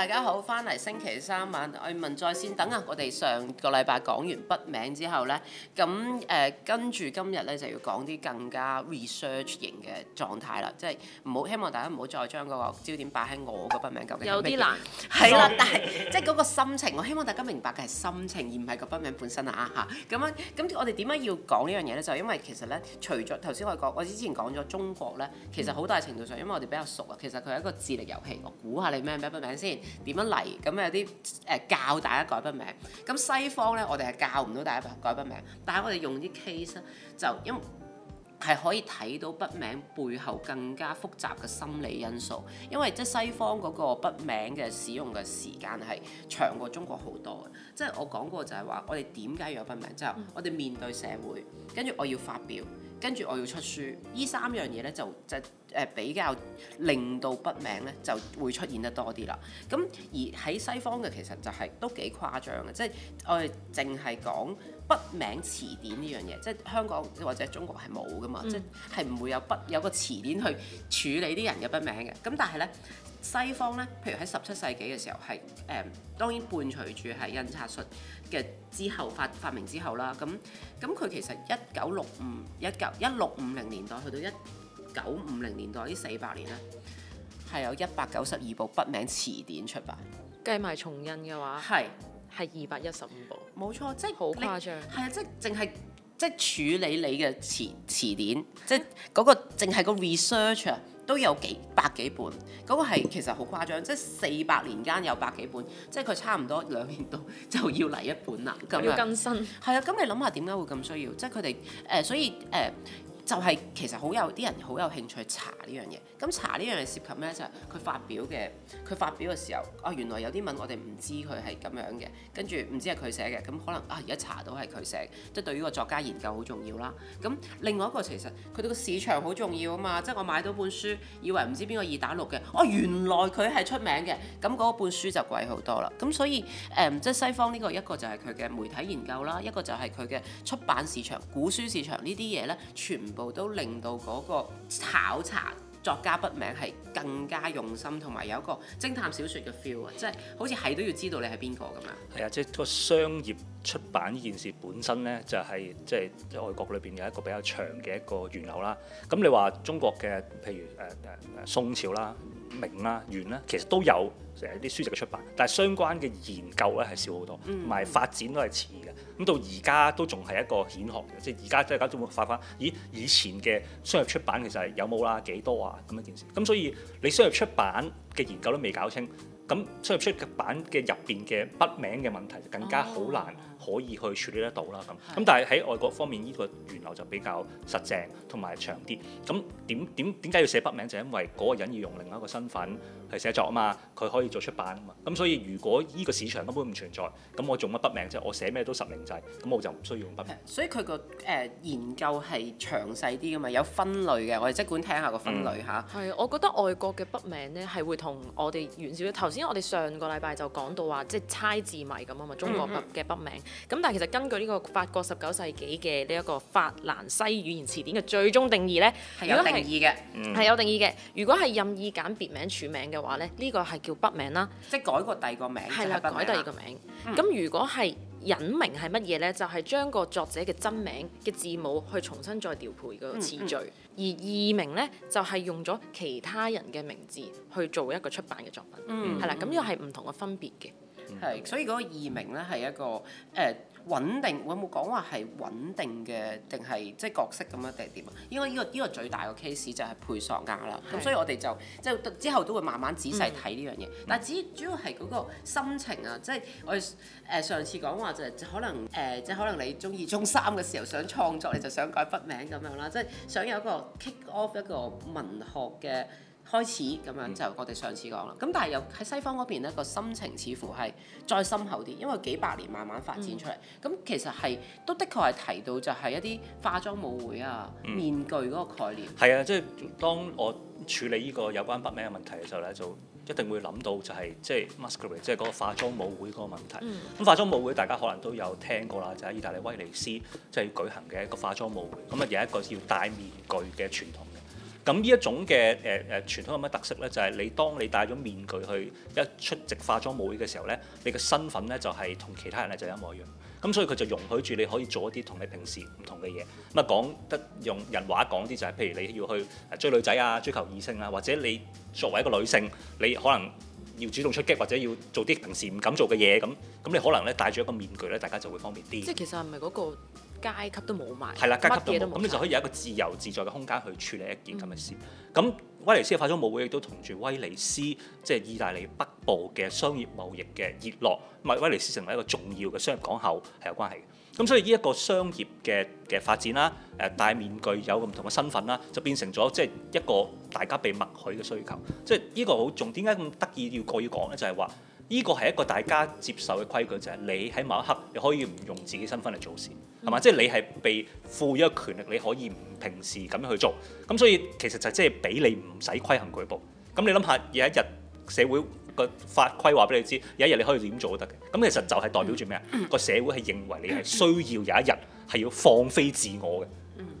大家好，翻嚟星期三晚藝文、哎、在線，等下我哋上個禮拜講完筆名之後咧，咁誒跟住今日咧就要講啲更加 research 型嘅狀態啦，即係唔好希望大家唔好再將嗰個焦點擺喺我個筆名究竟有啲難，係啦， 但係即係嗰個心情，我希望大家明白嘅係心情而唔係個筆名本身啊嚇。咁樣咁我哋點解要講呢樣嘢咧？就因為其實咧，除咗頭先我講，我之前講咗中國咧，其實好大程度上因為我哋比較熟啊，其實佢係一個智力遊戲。我估下你咩咩筆名先。點樣嚟？咁有啲誒、呃、教大家改筆名。咁西方咧，我哋係教唔到大家改筆名。但係我哋用啲 case 咧，就因係可以睇到筆名背後更加複雜嘅心理因素。因為即係西方嗰個筆名嘅使用嘅時間係長過中國好多嘅。即係我講過就係話，我哋點解要有筆名？就係、我哋面對社會，跟住我要發表。跟住我要出書，呢三樣嘢咧就就誒比較令到筆名咧就會出現得多啲啦。咁而喺西方嘅其實就係都幾誇張嘅，即係我哋淨係講筆名詞典呢樣嘢，即係香港或者中國係冇噶嘛，即係係唔會有筆有個詞典去處理啲人嘅筆名嘅。咁但係咧。西方咧，譬如喺十七世紀嘅時候，係誒、嗯、當然伴隨住係印刷術嘅之後發發明之後啦。咁咁佢其實一九六五一九一六五零年代去到一九五零年代呢四百年咧，係有一百九十二部筆名詞典出版。計埋重印嘅話，係係二百一十五部，冇錯，即係好誇張。係啊，即係淨係即係處理你嘅詞詞典，即係嗰個淨係、個 research。啊、就是。都有幾百幾本，嗰個係其實好誇張，即係四百年間有百幾本，即係佢差唔多兩年到就要嚟一本啦。咁要更新係啊，咁你諗下點解會咁需要？即係佢哋誒，所以誒。呃就係、是、其實好有啲人好有興趣查呢樣嘢，咁查呢樣嘢涉及咩？就係、是、佢發表嘅，佢發表嘅時候，啊、哦、原來有啲文我哋唔知佢係咁樣嘅，跟住唔知係佢寫嘅，咁可能啊而家查到係佢寫嘅，即係對於個作家研究好重要啦。咁另外一個其實佢對個市場好重要啊嘛，即係我買到本書以為唔知邊個二打六嘅，哦，原來佢係出名嘅，咁嗰本書就貴好多啦。咁所以誒、嗯，即係西方呢個一個就係佢嘅媒體研究啦，一個就係佢嘅出版市場、古書市場呢啲嘢咧，全都令到嗰個考察作家筆名係更加用心，同埋有一個偵探小說嘅 feel 啊！即係好似係都要知道你係邊個咁樣。係啊，即係個商業出版呢件事本身咧、就係，就係即係外國裏邊有一個比較長嘅一個源流啦。咁你話中國嘅譬如誒誒、呃呃、宋朝啦。明啦，遠啦，其實都有成日啲書籍嘅出版，但係相關嘅研究咧係少好多，同埋、mm hmm. 發展都係遲嘅。咁到而家都仲係一個顯學嘅，即係而家即係大家都會發翻，咦？以前嘅商業出版其實係有冇啦，幾多啊？咁一件事。咁所以你商業出版嘅研究都未搞清，咁商業出版嘅入邊嘅筆名嘅問題就更加好難、mm。Hmm. 可以去處理得到啦，咁咁是的 但係喺外國方面，呢、呢個源流就比較實正同埋長啲。咁點點點解要寫筆名？就是、因為嗰個人要用另外一個身份。係寫作啊嘛，佢可以做出版啊嘛，咁所以如果呢個市場根本唔存在，咁我做乜筆名啫？我寫咩都實名制，咁我就唔需要用筆名。嗯、所以佢個誒研究係詳細啲噶嘛，有分類嘅。我哋即管聽下個分類嚇。係我覺得外國嘅筆名呢係會同我哋遠少少。頭先我哋上個禮拜就講到話，即係猜字謎咁啊嘛，中國筆嘅筆名。咁、嗯嗯、但係其實根據呢個法國十九世紀嘅呢一個法蘭西語言詞典嘅最終定義呢，係有定義嘅，係有定義嘅。如果係任意揀別名署名嘅。話咧，呢個係叫筆名啦，即係改過第二個名，係啦的，改第二個名。咁、嗯、如果係隱名係乜嘢呢？就係將個作者嘅真名嘅字母去重新再調配個次序，嗯嗯、而異名呢，就係、是、用咗其他人嘅名字去做一個出版嘅作品，係啦、嗯，咁呢個係唔同嘅分別嘅。係，所以嗰個異名咧係一個誒、呃、穩定，我有冇講話係穩定嘅定係即係角色咁樣定係點啊？應該呢個呢、呢個最大嘅 case 就係佩索亞啦，咁是所以我哋就即係之後都會慢慢仔細睇呢樣嘢。嗯、但係只主要係嗰個心情啊，即係、嗯、我哋誒上次講話就可能誒，即、呃、係、就是、可能你中二中三嘅時候想創作，你就想改筆名咁樣啦，即、就、係、是、想有一個 kick off 一個文學嘅。開始咁樣就我哋上次講啦，咁、嗯、但係又喺西方嗰邊咧個心情似乎係再深厚啲，因為幾百年慢慢發展出嚟。咁、嗯、其實係都的確係提到就係一啲化妝舞會啊、嗯、面具嗰個概念。係、嗯、啊，即係當我處理呢個有關筆名嘅問題嘅時候咧，就一定會諗到就係、是、即係 masquerade，即係嗰個化妝舞會嗰個問題。咁、嗯、化妝舞會大家可能都有聽過啦，就喺、是、意大利威尼斯即係要舉行嘅一個化妝舞會，咁啊有一個叫戴面具嘅傳統。咁呢一種嘅誒誒傳統有乜特色呢？就係你當你戴咗面具去一出席化妝舞會嘅時候呢，你嘅身份呢就係同其他人呢就一模一樣。咁所以佢就容許住你可以做一啲同你平時唔同嘅嘢。咁啊講得用人話講啲就係，譬如你要去追女仔啊、追求異性啊，或者你作為一個女性，你可能要主動出擊或者要做啲平時唔敢做嘅嘢。咁咁你可能呢戴住一個面具呢，大家就會方便啲。即係其實係咪嗰個？階級都冇埋，係啦，階級都冇，咁你就可以有一個自由自在嘅空間去處理一件咁嘅事。咁、嗯、威尼斯嘅化妝舞會亦都同住威尼斯即係、就是、意大利北部嘅商業貿易嘅熱絡，咁威尼斯成為一個重要嘅商業港口係有關係。咁所以呢一個商業嘅嘅發展啦，誒、呃、戴面具有唔同嘅身份啦，就變成咗即係一個大家被默許嘅需求。即係呢個好重，點解咁得意要過要講咧？就係、是、話。呢個係一個大家接受嘅規矩，就係、是、你喺某一刻你可以唔用自己身份嚟做事，係嘛？即、就、係、是、你係被賦予一個權力，你可以唔平時咁樣去做。咁所以其實就即係俾你唔使規行矩步。咁你諗下，有一日社會個法規話俾你知，有一日你可以點做都得嘅。咁其實就係代表住咩啊？個社會係認為你係需要有一日係要放飛自我嘅。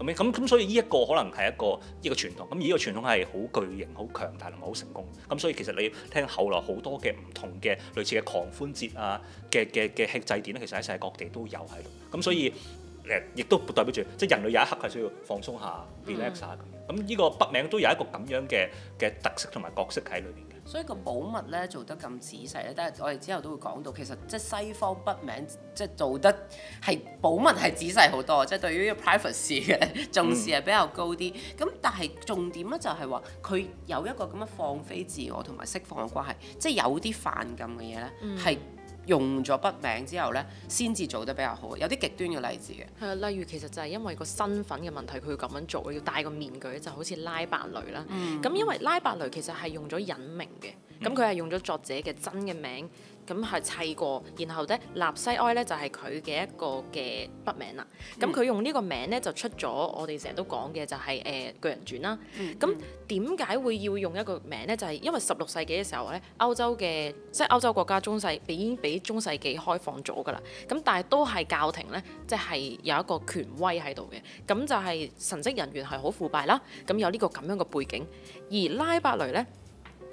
咁咁所以呢一個可能係一個呢個傳統，咁而呢個傳統係好巨型、好強大同埋好成功。咁所以其實你聽後來好多嘅唔同嘅類似嘅狂歡節啊嘅嘅嘅慶祭典咧，其實喺世界各地都有喺度。咁所以誒，亦都代表住即係人類有一刻係需要放鬆下、relax 下，咁呢咁個筆名都有一個咁樣嘅嘅特色同埋角色喺裏面。所以個保密咧做得咁仔細咧，但係我哋之後都會講到，其實即係西方筆名，即係做得係保密係仔細好多，即係對於呢個 privacy 嘅重視係比較高啲。咁、嗯、但係重點咧就係話，佢有一個咁樣放飛自我同埋釋放嘅關係，即係有啲犯禁嘅嘢咧係。嗯用咗筆名之後呢，先至做得比較好，有啲極端嘅例子嘅。係啊，例如其實就係因為個身份嘅問題，佢要咁樣做，要戴個面具，就好似拉伯雷啦。咁、嗯、因為拉伯雷其實係用咗隱名嘅，咁佢係用咗作者嘅真嘅名。咁係砌過，然後咧，納西埃咧就係佢嘅一個嘅筆名啦。咁佢用呢個名咧就出咗我哋成日都講嘅就係、是、誒、呃、巨人傳啦。咁點解會要用一個名咧？就係、是、因為十六世紀嘅時候咧，歐洲嘅即係歐洲國家中世已經俾中世紀開放咗噶啦。咁但係都係教廷咧，即、就、係、是、有一個權威喺度嘅。咁就係神職人員係好腐敗啦。咁有呢個咁樣嘅背景，而拉伯雷咧。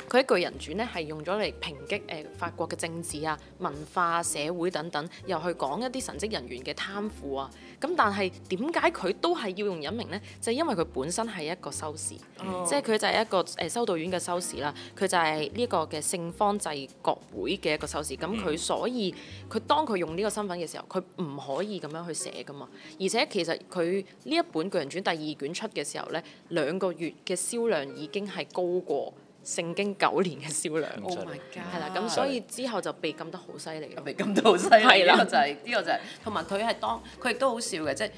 佢喺《巨人傳》呢咧，係用咗嚟抨擊誒法國嘅政治啊、文化、社會等等，又去講一啲神職人員嘅貪腐啊。咁但係點解佢都係要用隱名呢？就係、因為佢本身係一個修士，oh. 即係佢就係一個誒、呃、修道院嘅修士啦。佢就係呢個嘅聖方濟國會嘅一個修士。咁佢所以佢、mm. 當佢用呢個身份嘅時候，佢唔可以咁樣去寫㗎嘛。而且其實佢呢一本《巨人傳》第二卷出嘅時候呢，兩個月嘅銷量已經係高過聖經九年嘅銷量，係啦、oh my god，咁所以之後就被禁得好犀利，被禁得好犀利，係啦 了，就係呢個就係、是，同埋佢係當佢亦都好笑嘅，即、就、係、是、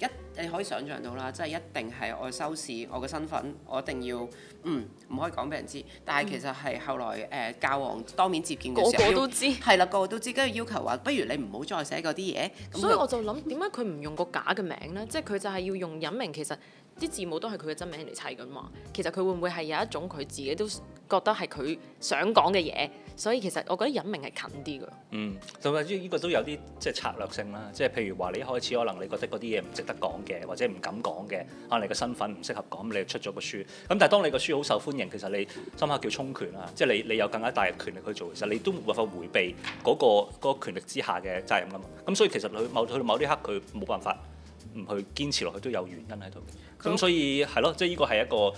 一。你可以想像到啦，即係一定係我收視，我嘅身份，我一定要，嗯，唔可以講俾人知。但係其實係後來誒、呃、教皇當面接見嘅時候，個個都知，係啦，個個都知，跟住要求話，不如你唔好再寫嗰啲嘢。所以我就諗點解佢唔用個假嘅名呢？即係佢就係要用隱名，其實啲字母都係佢嘅真名嚟砌㗎嘛。其實佢會唔會係有一種佢自己都覺得係佢想講嘅嘢？所以其實我覺得隱名係近啲㗎。嗯，同埋呢個都有啲即係策略性啦。即係譬如話，你一開始可能你覺得嗰啲嘢唔值得講。嘅或者唔敢講嘅，可能你個身份唔適合講，咁你就出咗個書。咁但係當你個書好受歡迎，其實你深刻叫充權啊，即係你你有更加大嘅權力去做，其實你都冇辦法迴避嗰個嗰個權力之下嘅責任噶嘛。咁所以其實佢某佢某一刻佢冇辦法唔去堅持落去，都有原因喺度。咁所以係咯，即係呢個係一個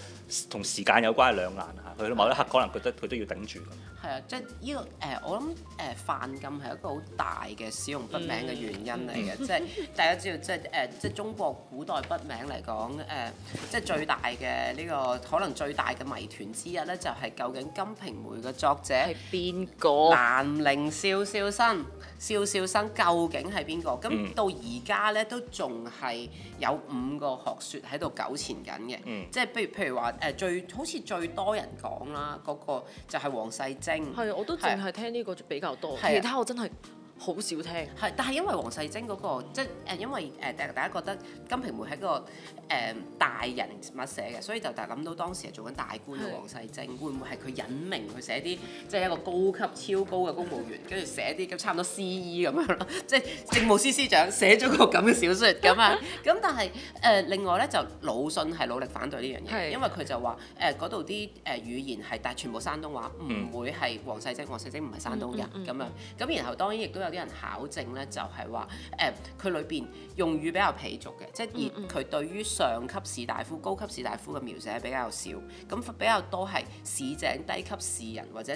同時間有關嘅兩難。佢某一刻的可能覺得佢都要頂住。係啊，即係呢個誒、呃，我諗誒犯禁係一個好大嘅使用筆名嘅原因嚟嘅，即係大家知道，即係誒，即、呃、係、就是、中國古代筆名嚟講誒，即、呃、係、就是、最大嘅呢、這個可能最大嘅謎團之一咧，就係、是、究竟《金瓶梅》嘅作者係邊個？誰蘭陵笑笑生。笑笑生究竟係邊個？咁、嗯、到而家咧都仲係有五個學説喺度糾纏緊嘅，嗯、即係譬如譬如話誒，最好似最多人講啦，嗰、嗰個就係王世貞。係啊，我都淨係聽呢個比較多，的其他我真係。好少聽，係，但係因為王世貞嗰個，即係誒，因為誒，大家覺得《金瓶梅》係一個誒、呃、大人物寫嘅，所以就大諗到當時係做緊大官嘅王世貞，會唔會係佢隱名去寫啲，即、就、係、是、一個高級超高嘅公務員，跟住寫啲咁差唔多司醫咁樣咯，即係政務司司長寫咗個咁嘅小説咁啊，咁但係誒、呃、另外咧就魯迅係努力反對呢樣嘢，是因為佢就話誒嗰度啲誒語言係但係全部山東話，唔會係王世貞， 王世貞唔係山東人咁樣，咁然後當然亦都。有啲人考證咧，就係話誒佢裏邊用語比較皮俗嘅，即係而佢對於上級士大夫、高級士大夫嘅描寫比較少，咁比較多係市井低級市人或者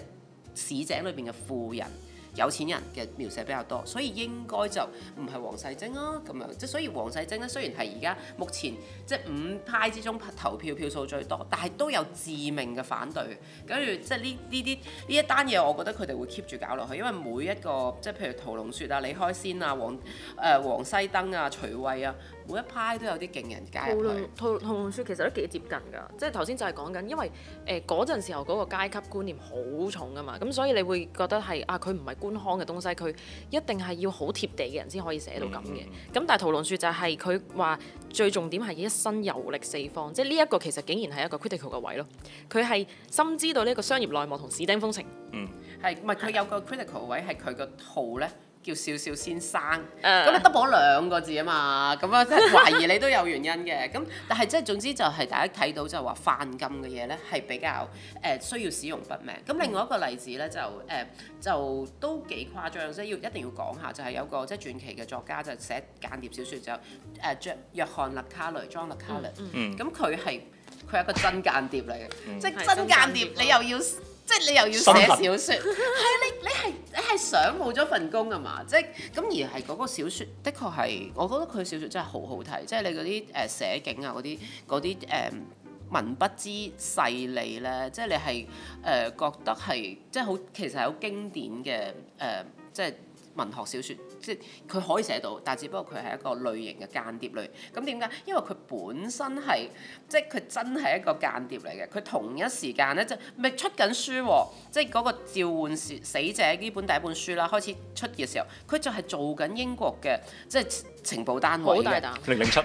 市井裏邊嘅富人。有錢人嘅描寫比較多，所以應該就唔係王世貞啊咁樣，即係所以王世貞咧雖然係而家目前即係五派之中投票票數最多，但係都有致命嘅反對，跟住即係呢呢啲呢一單嘢，我覺得佢哋會 keep 住搞落去，因為每一個即係譬如屠龍雪啊、李開先啊、王誒王稚登啊、徐渭啊。每一派都有啲勁人加入佢。《屠龍書》其實都幾接近㗎，即係頭先就係講緊，因為誒嗰陣時候嗰個階級觀念好重㗎嘛，咁所以你會覺得係啊，佢唔係官腔嘅東西，佢一定係要好貼地嘅人先可以寫到咁嘅。咁、嗯嗯、但係《屠龍書》就係佢話最重點係一身遊歷四方，即係呢一個其實竟然係一個 critical 嘅位咯。佢係深知道呢個商業內幕同市井風情。嗯。係，唔係佢有個 critical 位係佢個圖咧。要少少先生，咁你得補咗兩個字啊嘛，咁啊即係懷疑你都有原因嘅，咁但係即係總之就係大家睇到就係話翻金嘅嘢咧，係比較誒、呃、需要使用筆名。咁另外一個例子咧、呃、就誒、呃、就都幾誇張，所以要一定要講下，就係、是、有個即係、就是、傳奇嘅作家就寫間諜小説就誒、呃、約翰·勒卡雷 （John Le c 咁佢係佢係一個真間諜嚟嘅，即係、嗯、真間諜，真間諜你又要。即係你又要寫小說，係立 你你係你係想冇咗份工啊嘛！即係咁而係嗰個小說的確係，我覺得佢小説真係好好睇，即係你嗰啲誒寫景啊嗰啲嗰啲誒文筆之細膩咧，即係你係誒、呃、覺得係即係好其實係好經典嘅誒、呃、即係。文學小說即係佢可以寫到，但係只不過佢係一個類型嘅間諜類。咁點解？因為佢本身係即係佢真係一個間諜嚟嘅。佢同一時間咧，即係咪出緊書喎？即係嗰個召喚死者呢本第一本書啦，開始出嘅時候，佢就係做緊英國嘅即係情報單位嘅好大膽。零零七。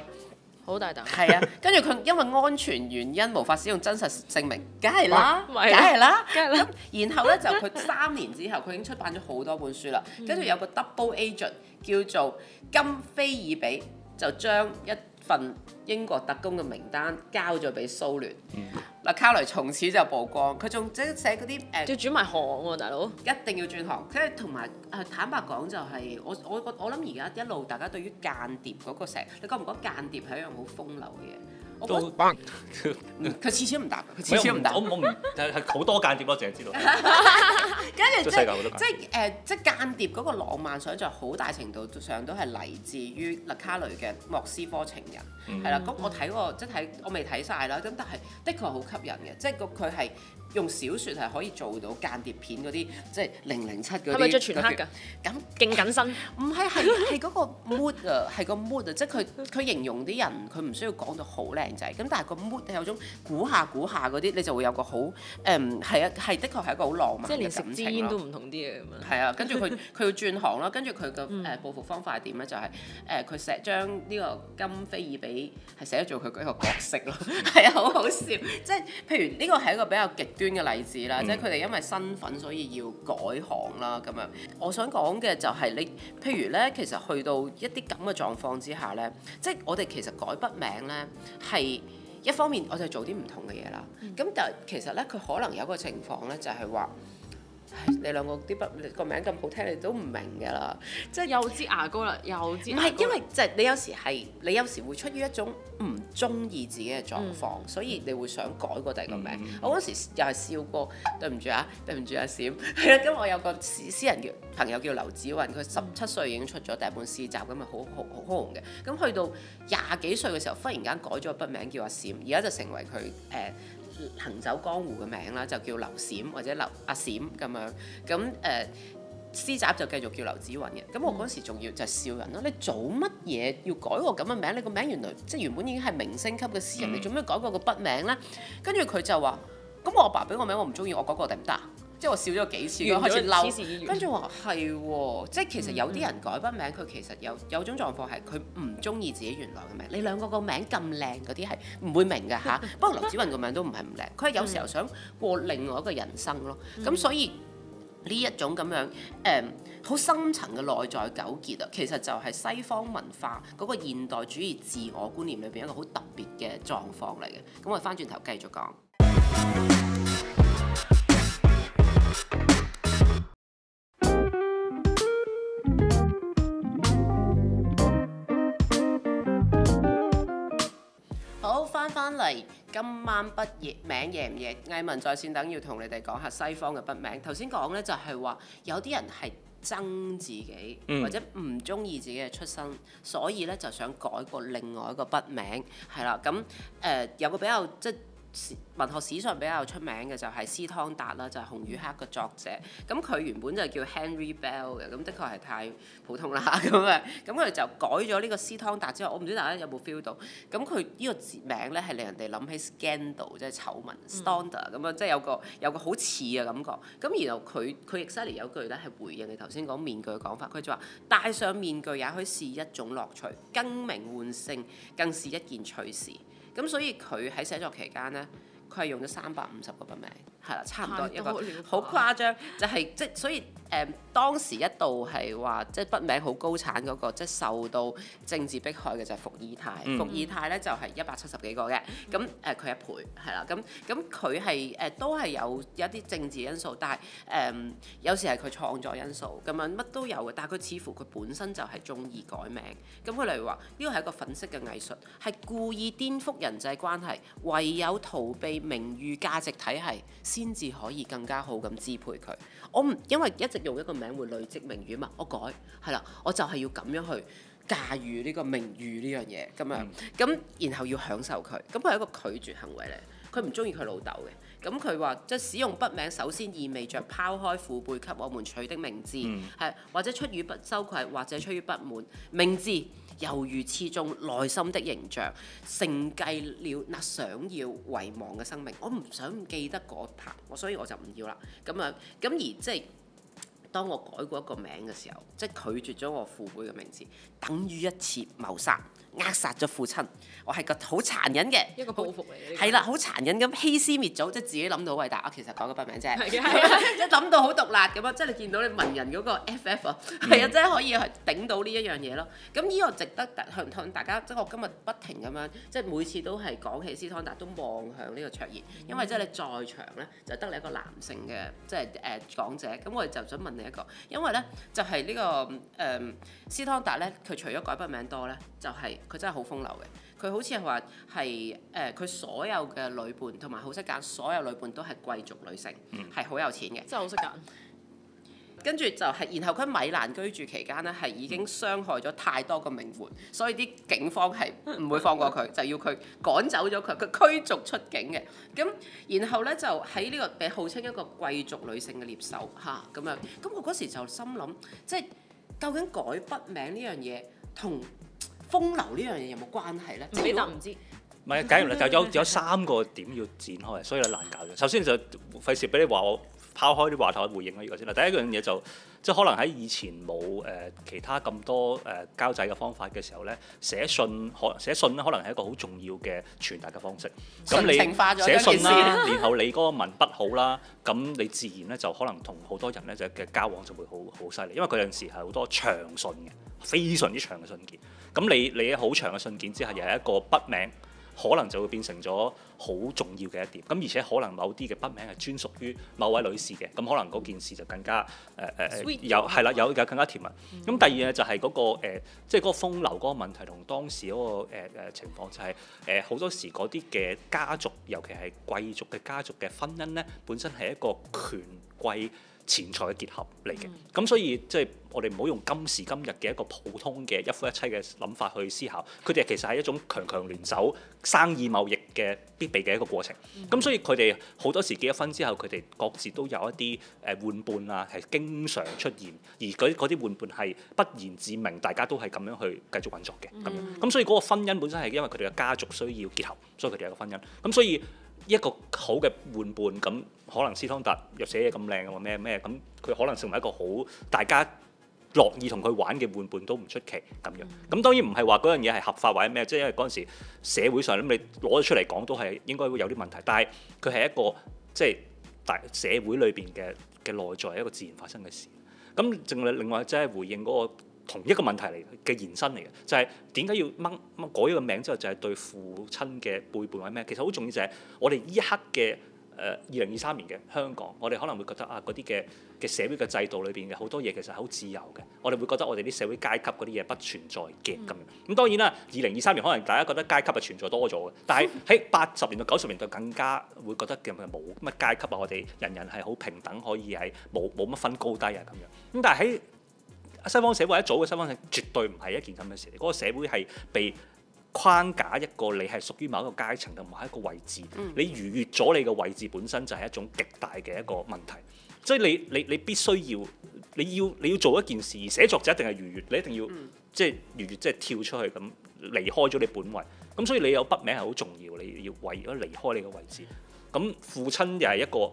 好大膽係啊！跟住佢因為安全原因無法使用真實姓名，梗係啦，梗係啦，梗係啦。 然後咧就佢三年之後，佢已經出版咗好多本書啦。跟住有個 double agent 叫做金菲爾比，就將一份英國特工嘅名單交咗俾蘇聯，嗱、嗯、卡雷從此就曝光，佢仲即係寫嗰啲誒，要轉埋行喎、啊，大佬一定要轉行，即係同埋誒坦白講就係、是、我我我諗而家一路大家對於間諜嗰個成，你覺唔覺得間諜係一樣好風流嘅嘢？佢次次都唔答，佢次次唔答，我我唔，係好多間諜我淨係知道。跟住即係誒，即係間諜嗰個浪漫想像好大程度上都係嚟自於勒卡雷嘅《莫斯科情人》，係啦。咁我睇過，即係睇我未睇晒啦。咁但係的確好吸引嘅，即係個佢係用小説係可以做到間諜片嗰啲，即係零零七嘅，嗰啲。係咪著全黑㗎？咁勁緊身？唔係係係嗰個 mood 啊，係個 mood 啊，即係佢佢形容啲人，佢唔需要講到好靚。咁，但係個 mood 係有種估下估下嗰啲，你就會有個好誒，係、嗯、啊，係的確係一個好浪漫嘅感情咯。即係連食支煙都唔同啲嘅咁啊。係啊，跟住佢佢要轉行咯，跟住佢嘅誒報復方法係點咧？就係、是、誒，佢、呃、寫將呢個金菲爾比係寫做佢嘅一個角色咯。係啊，好好笑。即、就、係、是、譬如呢個係一個比較極端嘅例子啦。即係佢哋因為身份所以要改行啦。咁樣我想講嘅就係你，譬如咧，其實去到一啲咁嘅狀況之下咧，即、就、係、是、我哋其實改筆名咧。係一方面，我就做啲唔同嘅嘢啦。咁、嗯、但係其實咧，佢可能有個情況咧，就係話。你兩個啲筆個名咁好聽，你都唔明嘅啦，即係幼稚牙膏啦，幼稚牙膏。唔係因為即係你有時，係你有時會出於一種唔中意自己嘅狀況，嗯、所以你會想改個第二個名。嗯、我嗰時又係笑過，對唔住啊，對唔住阿閃。係、嗯、啊，咁我有個私詩人叫朋友叫劉子韻，佢十七歲已經出咗第一本詩集，咁咪好好好紅嘅。咁去到廿幾歲嘅時候，忽然間改咗個筆名叫阿閃，而家就成為佢誒。呃.行走江湖嘅名啦，就叫劉閃或者劉阿閃咁樣。咁、呃、誒，詩集就繼續叫劉子雲嘅。咁我嗰時仲要就笑人啦、嗯。你做乜嘢要改個咁嘅名？你個名原來即係原本已經係明星級嘅詩人，嗯、你做咩改個個筆名咧？跟住佢就話，咁我阿爸俾我名，我唔中意，我改個定唔得？即係我少咗幾次，開始嬲。跟住話係喎，哦、即係其實有啲人改筆名，佢、嗯、其實有有種狀況係佢唔中意自己原來嘅名。你兩個個名咁靚，嗰啲係唔會明㗎嚇。嗯啊、不過劉子雲個名都唔係唔靚，佢係有時候想過另外一個人生咯。咁、嗯、所以呢一種咁樣誒好、嗯、深層嘅內在糾結啊，其實就係西方文化嗰個現代主義自我觀念裏邊一個好特別嘅狀況嚟嘅。咁我翻轉頭繼續講。好，翻翻嚟，今晚筆名夜唔夜？藝文在綫等要同你哋講下西方嘅筆名。頭先講呢就係話有啲人係憎自己，或者唔中意自己嘅出身，所以呢就想改個另外一個筆名，係啦。咁、呃、有個比較即、就是文學史上比較出名嘅就係斯湯達啦，ad, 就係《紅與黑》嘅作者。咁佢原本就叫 Henry Bell 嘅，咁的確係太普通啦。咁啊，咁佢就改咗呢個斯湯達之後，我唔知大家有冇 feel 到？咁佢呢個名咧係令人哋諗起 scandal，即係醜聞，Standard 咁啊，即係、嗯、有個有個好似嘅感覺。咁然後佢佢亦犀利有句咧係回應你頭先講面具嘅講法，佢就話戴上面具也許是一種樂趣，更名換姓更是一件趣事。咁所以佢喺寫作期間咧，佢係用咗三百五十個筆名。係啦，差唔多一個好誇張，就係、是、即係所以誒、嗯、當時一度係話即係筆名好高產嗰、那個，即係受到政治迫害嘅就係伏爾泰。伏爾泰咧就係、是、一百七十幾個嘅，咁誒佢一倍係啦，咁咁佢係誒都係有一啲政治因素，但係誒、呃、有時係佢創作因素咁樣乜都有嘅，但係佢似乎佢本身就係中意改名。咁佢例如話呢個係一個粉色嘅藝術，係故意顛覆人際關係，唯有逃避名譽價值體系。先至可以更加好咁支配佢，我唔因為一直用一個名會累積名譽嘛，我改係啦，我就係要咁樣去駕馭呢個名譽呢樣嘢咁樣，咁、嗯、然後要享受佢，咁佢係一個拒絕行為咧，佢唔中意佢老豆嘅，咁佢話即使用筆名首先意味着拋開父輩給我們取的名字，係、嗯、或者出於不羞愧，或者出於不滿，名字。猶如刺中內心的形象，承繼了那想要遺忘嘅生命，我唔想記得嗰排，我所以我就唔要啦。咁樣，咁而即係當我改過一個名嘅時候，即係拒絕咗我父輩嘅名字，等於一次謀殺。扼殺咗父親，我係個好殘忍嘅，一個報復嚟嘅，係啦，好 殘忍咁欺師滅祖，即係自己諗到好偉大，啊、其實講個筆名啫，係啊，一 諗樂 到好獨立咁啊，即係你見到你文人嗰個 FF，係啊、嗯，即係可以去頂到呢一樣嘢咯。咁呢個值得向向大家，即、就、係、是、我今日不停咁樣，即係每次都係講起斯湯達，都望向呢個卓然，因為即係你在場咧，就得你一個男性嘅即係誒講者。咁、呃、我哋就想問你一個，因為咧就係呢個誒斯湯達咧，佢除咗改筆名多咧，就係、是這個。呃佢真係好風流嘅，佢好似話係誒，佢、呃、所有嘅女伴同埋好識揀，有所有女伴都係貴族女性，係好、嗯、有錢嘅，真係好識揀。跟住就係、是，然後佢喺米蘭居住期間呢，係已經傷害咗太多個名媛，所以啲警方係唔會放過佢， 就要佢趕走咗佢，佢驅逐出境嘅。咁然後呢，就喺呢個被號稱一個貴族女性嘅獵手嚇咁樣，咁我嗰時就心諗，即係究竟改筆名呢樣嘢同？風流有有呢樣嘢有冇關係咧？你達唔知，唔係解唔嚟？就有有三個點要展開，所以你難搞咗。首先就費事俾你話我拋開啲話題，去回應呢個先啦。第一樣嘢就即係可能喺以前冇誒、呃、其他咁多誒、呃、交際嘅方法嘅時候咧，寫信可寫信咧，可能係一個好重要嘅傳達嘅方式。咁你寫信啦，然後你嗰個文筆好啦，咁你自然咧就可能同好多人咧就嘅交往就會好好犀利，因為佢有陣時係好多長信嘅，非常之長嘅信件。咁你你喺好長嘅信件之下，又係一個筆名，可能就會變成咗好重要嘅一點。咁而且可能某啲嘅筆名係專屬於某位女士嘅，咁可能嗰件事就更加誒誒、呃 Sweet 呃、有係啦，有更加甜蜜。咁、嗯、第二嘢就係嗰個誒，即係嗰個風流嗰個問題同當時嗰個誒誒、呃、情況就係誒好多時嗰啲嘅家族，尤其係貴族嘅家族嘅婚姻咧，本身係一個權貴。錢財嘅結合嚟嘅，咁、嗯、所以即係我哋唔好用今時今日嘅一個普通嘅一夫一妻嘅諗法去思考，佢哋其實係一種強強聯手、生意貿易嘅必備嘅一個過程。咁、嗯、所以佢哋好多時結咗婚之後，佢哋各自都有一啲誒換伴啊，係經常出現，而嗰啲換伴係不言自明，大家都係咁樣去繼續運作嘅。咁樣、嗯，咁所以嗰個婚姻本身係因為佢哋嘅家族需要結合，所以佢哋有個婚姻。咁所以。一個好嘅玩伴咁，可能斯湯達又寫嘢咁靚啊，或咩咩咁，佢可能成為一個好大家樂意同佢玩嘅玩伴都唔出奇咁樣。咁當然唔係話嗰樣嘢係合法或者咩，即係因為嗰陣時社會上咁你攞咗出嚟講都係應該會有啲問題。但係佢係一個即係大社會裏邊嘅嘅內在一個自然發生嘅事。咁淨係另外即係回應嗰個。同一個問題嚟嘅延伸嚟嘅，就係點解要掹掹改咗個名之後，就係、是、對父親嘅背叛或者咩？其實好重要就係我哋依刻嘅誒二零二三年嘅香港，我哋可能會覺得啊嗰啲嘅嘅社會嘅制度裏邊嘅好多嘢其實係好自由嘅，我哋會覺得我哋啲社會階級嗰啲嘢不存在嘅咁樣。咁、嗯、當然啦，二零二三年可能大家覺得階級啊存在多咗嘅，但係喺八十年到九十年代更加會覺得嘅冇乜階級啊，我哋人人係好平等，可以係冇冇乜分高低啊咁樣。咁但係喺西方社會一早嘅西方社會絕對唔係一件咁嘅事，嗰、那個社會係被框架一個你係屬於某一個階層同埋一個位置，你逾越咗你嘅位置本身就係一種極大嘅一個問題，即係你你你必須要你要你要做一件事，而寫作者一定係逾越，你一定要即係逾越即係跳出去咁離開咗你本位，咁所以你有筆名係好重要，你要為咗離開你嘅位置，咁父親又係一個。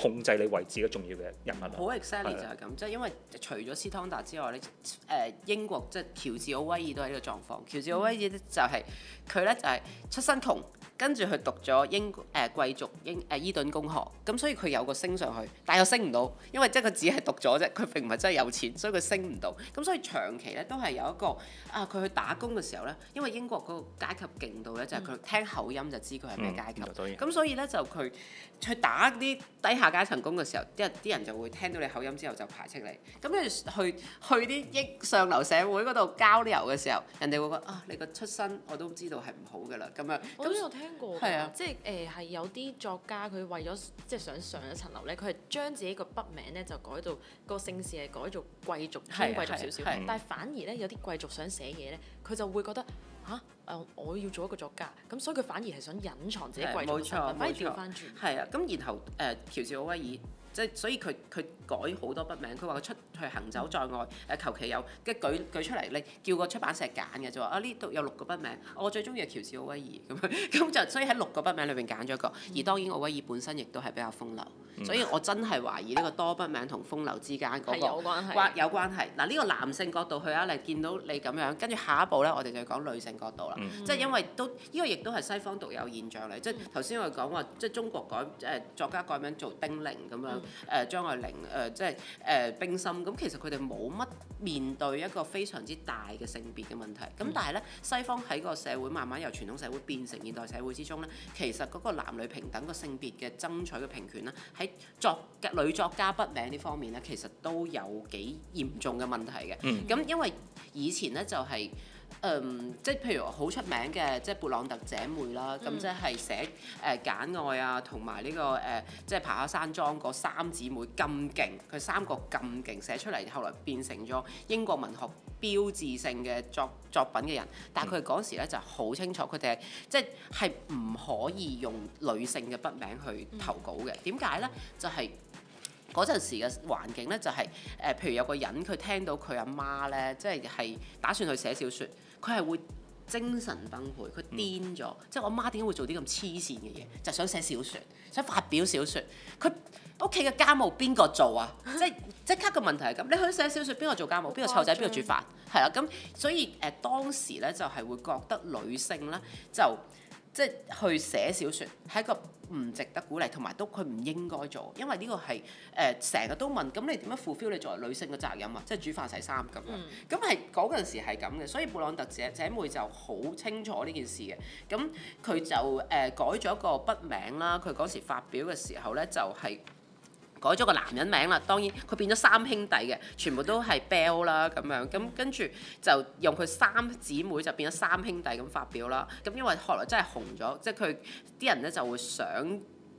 控制你為止嘅重要嘅人物，好 exactly 是的 就係咁，即係因為除咗斯湯達之外咧，誒、呃、英國即係喬治奧威爾都喺、就是嗯、呢個狀況。喬治奧威爾就係佢咧就係出身窮。跟住佢讀咗英誒、呃、貴族英誒、呃、伊頓公學，咁所以佢有個升上去，但係又升唔到，因為即係佢只係讀咗啫，佢並唔係真係有錢，所以佢升唔到。咁所以長期咧都係有一個啊，佢去打工嘅時候咧，因為英國嗰個階級勁到咧，就係佢聽口音就知佢係咩階級。咁、嗯、所以咧就佢去打啲低下階層工嘅時候，啲人，人就會聽到你口音之後就排斥你。咁跟住去去啲英上流社會嗰度交流嘅時候，人哋會話啊，你個出身我都知道係唔好噶啦，咁樣。我都我有聽。聽過、嗯啊、即係誒係有啲作家，佢為咗即係想上一層樓咧，佢係將自己個筆名咧就改到個姓氏係改做貴族，啊、中貴族少少。啊啊、但係反而咧有啲貴族想寫嘢咧，佢就會覺得嚇誒、啊呃，我要做一個作家，咁所以佢反而係想隱藏自己貴族，反而調翻轉。係錯啊，咁然後誒喬治奧威爾，即係所以佢佢。改好多筆名，佢話佢出去行走在外，誒求其有，跟住舉舉出嚟，你叫個出版社揀嘅，就話啊呢度有六個筆名，啊、我最中意係喬治奧威爾，咁咁就所以喺六個筆名裏邊揀咗一個。嗯、而當然奧威爾本身亦都係比較風流，嗯、所以我真係懷疑呢個多筆名同風流之間嗰、嗰個有關有關係。嗱呢、嗯啊呢個男性角度去啊，你見到你咁樣，跟住下一步咧，我哋就講女性角度啦，即係、嗯、因為都呢、這個亦都係西方獨有現象嚟，即係頭先我講話，即、就、係、是、中國改誒作家改名做丁玲咁樣，誒、嗯呃、張愛玲。誒、呃、即係誒、呃、冰心咁，其實佢哋冇乜面對一個非常之大嘅性別嘅問題。咁但係咧，嗯、西方喺個社會慢慢由傳統社會變成現代社會之中咧，其實嗰個男女平等個性別嘅爭取嘅平權啦，喺作女作家筆名呢方面咧，其實都有幾嚴重嘅問題嘅。咁、嗯、因為以前咧就係、是。嗯，即係譬如好出名嘅，即係勃朗特姐妹啦，咁、嗯、即係寫、呃、簡愛啊，同埋呢個誒、呃、即係咆哮山莊嗰三姊妹咁勁，佢三個咁勁寫出嚟，後來變成咗英國文學標誌性嘅作作品嘅人。但係佢嗰時咧、嗯、就好清楚，佢哋係即係唔可以用女性嘅筆名去投稿嘅。點解咧？嗯、就係、是。嗰陣時嘅環境咧就係、是、誒、呃，譬如有個人佢聽到佢阿媽咧，即係係打算去寫小說，佢係會精神崩潰，佢癲咗。嗯、即係我媽點解會做啲咁黐線嘅嘢？就是、想寫小說，想發表小說。佢屋企嘅家務邊個做啊？ 即係即刻個問題係咁。你去寫小說，邊個做家務？邊個湊仔？邊個煮飯？係啦。咁所以誒、呃，當時咧就係、是、會覺得女性咧就即係、就是、去寫小說係一個，唔值得鼓勵，同埋都佢唔應該做，因為呢個係誒成日都問，咁你點樣 fulfill 你作為女性嘅責任啊？即係煮飯洗衫咁樣，咁係嗰陣時係咁嘅，所以布朗特姐姐妹就好清楚呢件事嘅，咁佢就誒、呃、改咗一個筆名啦，佢嗰時發表嘅時候咧就係、是。改咗個男人名啦，當然佢變咗三兄弟嘅，全部都係 Bell 啦咁樣，咁跟住就用佢三姊妹就變咗三兄弟咁發表啦，咁因為後來真係紅咗，即係佢啲人咧就會想。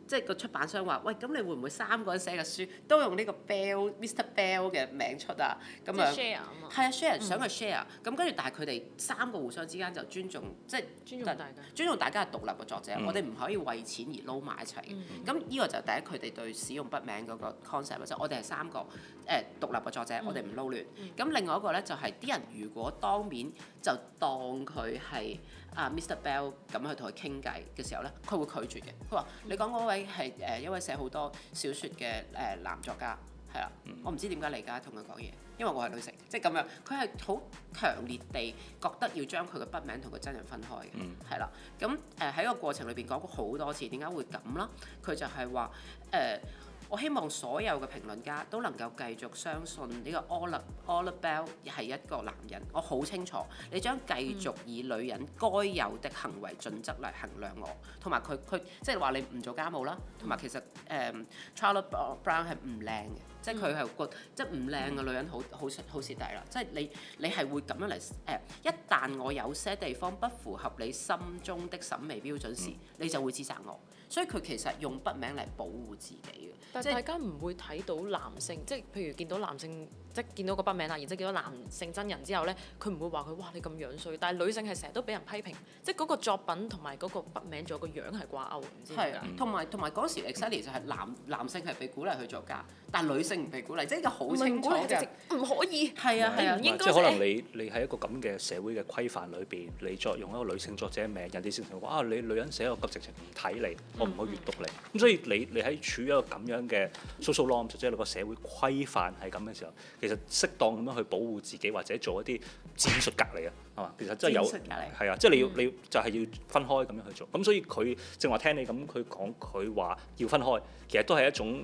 即係個出版商話：喂，咁你會唔會三個人寫嘅書都用呢個 Bell，Mr. Bell 嘅名出啊？咁啊，嘛，係啊，Share 想去 Share，咁跟住，嗯、但係佢哋三個互相之間就尊重，即、就、係、是、尊重大家，尊重大家係獨立嘅作者，嗯、我哋唔可以為錢而撈埋一齊。咁呢、嗯、個就第一，佢哋對使用筆名嗰個 concept，即我哋係三個誒、呃、獨立嘅作者，我哋唔撈亂。咁、嗯嗯、另外一個咧就係、是、啲人如果當面就當佢係。啊，Mr. Bell 咁去同佢傾偈嘅時候咧，佢會拒絕嘅。佢話：你講嗰位係誒一位寫好多小説嘅誒男作家，係啦，嗯、我唔知點解你而家同佢講嘢，因為我係女性，即係咁樣。佢係好強烈地覺得要將佢嘅筆名同佢真人分開嘅，係啦、嗯。咁誒喺個過程裏邊講過好多次，點解會咁啦？佢就係話誒。呃我希望所有嘅評論家都能夠繼續相信呢個 Olle Olle Bell 係一個男人。我好清楚你將繼續以女人該有的行為準則嚟衡量我，同埋佢佢即係話你唔做家務啦，同埋其實誒 Charlotte Brown 係唔靚嘅，即係佢係個即係唔靚嘅女人，嗯好，好好好蝕底啦。即係你你係會咁樣嚟誒？一旦我有些地方不符合你心中的審美標準時，你就會指責我。所以佢其實用筆名嚟保護自己嘅。但大家唔即會睇到男性，即係譬如見到男性。即見到個筆名啦，然之後見到男性真人之後咧，佢唔會話佢哇你咁樣衰，但係女性係成日都俾人批評，即嗰個作品同埋嗰個筆名仲有個樣係掛鈎嘅，同埋同埋嗰時 actually 就係男、嗯、男性係被鼓勵去作家，但係女性唔被鼓勵，即係好清楚嘅，唔可以係啊係啊，應該即係可能你你喺一個咁嘅社會嘅規範裏邊，你作用一個女性作者嘅名，人哋成情話哇你女人寫個級直情唔睇你，我唔去閱讀你，咁、嗯、所以你你喺處於一個咁樣嘅 social norm，即係個社會規範係咁嘅時候，其實適當咁樣去保護自己，或者做一啲戰術隔離啊，係嘛？其實真係有戰術隔離，係啊，即、就、係、係、你要、嗯、你就係要分開咁樣去做。咁所以佢正話聽你咁佢講，佢話要分開，其實都係一種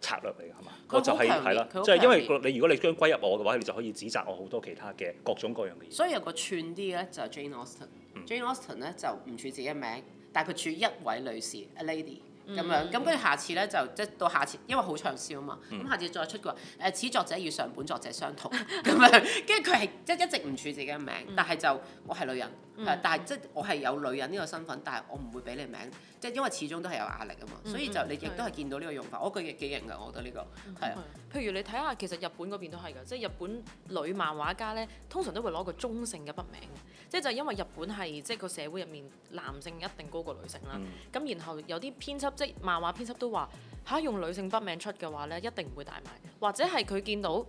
策略嚟嘅，係嘛？它 我就係係啦，即係、啊、因為你如果你將歸入我嘅話，你就可以指責我好多其他嘅各種各樣嘅嘢。所以有個串啲咧就、嗯、Jane Austen，Jane Austen 咧就唔署自己嘅名，但係佢署一位女士，a lady。咁、嗯、樣，咁跟住下次咧就即係到下次，因為好暢銷啊嘛，咁、嗯、下次再出嘅話，誒、呃、此作者與上本作者相同，咁樣，跟住佢係即係一直唔署自己嘅名，嗯、但係就我係女人。嗯、但係即係我係有女人呢個身份，但係我唔會俾你名，即、就、係、係、因為始終都係有壓力啊嘛，嗯、所以就你亦都係見到呢個用法，我覺得幾型㗎，我覺得呢、這個係啊。嗯、是的 譬如你睇下，其實日本嗰邊都係㗎，即係日本女漫畫家咧，通常都會攞個中性嘅筆名，即係就係、因為日本係即係個社會入面男性一定高過女性啦，咁、嗯、然後有啲編輯即係漫畫編輯都話嚇用女性筆名出嘅話咧，一定唔會大賣，或者係佢見到。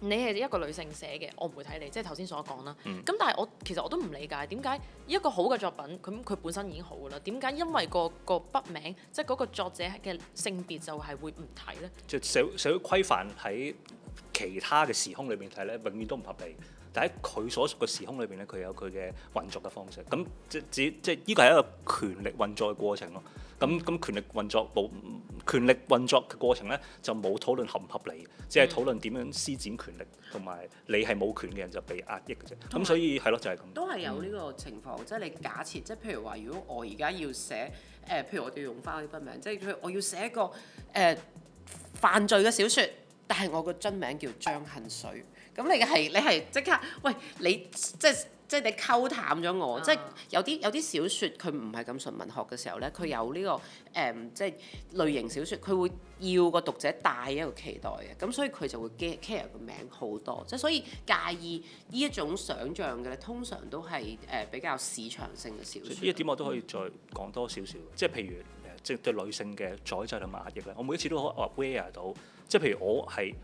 你係一個女性寫嘅，我唔會睇你，即係頭先所講啦。咁、嗯、但係我其實我都唔理解點解一個好嘅作品，佢佢本身已經好噶啦，點解因為、嗰個、嗰個筆名，即係嗰個作者嘅性別就係會唔睇呢？即係社會社會規範喺其他嘅時空裏面睇呢，永遠都唔合理。但喺佢所屬嘅時空裏邊咧，佢有佢嘅運作嘅方式。咁只只即係呢個係一個權力運作嘅過程咯。咁咁權力運作冇權力運作嘅過程咧，就冇討論合唔合理，只係討論點樣施展權力，同埋你係冇權嘅人就被壓抑嘅啫。咁、嗯、所以係咯，就係、是、咁。都係有呢個情況，嗯、即係你假設，即係譬如話，如果我而家要寫誒、呃，譬如我哋用翻啲筆名，即係我要寫一個誒、呃、犯罪嘅小説，但係我個真名叫張恨水。咁你係你係即刻，喂！你即係即係你溝淡咗我，嗯、即係有啲有啲小説佢唔係咁純文學嘅時候咧，佢有呢個誒、嗯，即係類型小説，佢會要個讀者帶一個期待嘅，咁所以佢就會 care 個名好多，即係所以介意呢一種想像嘅咧，通常都係誒、呃、比較市場性嘅小説。呢一點我都可以再講多少少，即係譬如誒，即係對女性嘅宰制同埋壓抑咧，我每一次都可 aware 到，即係譬如我係。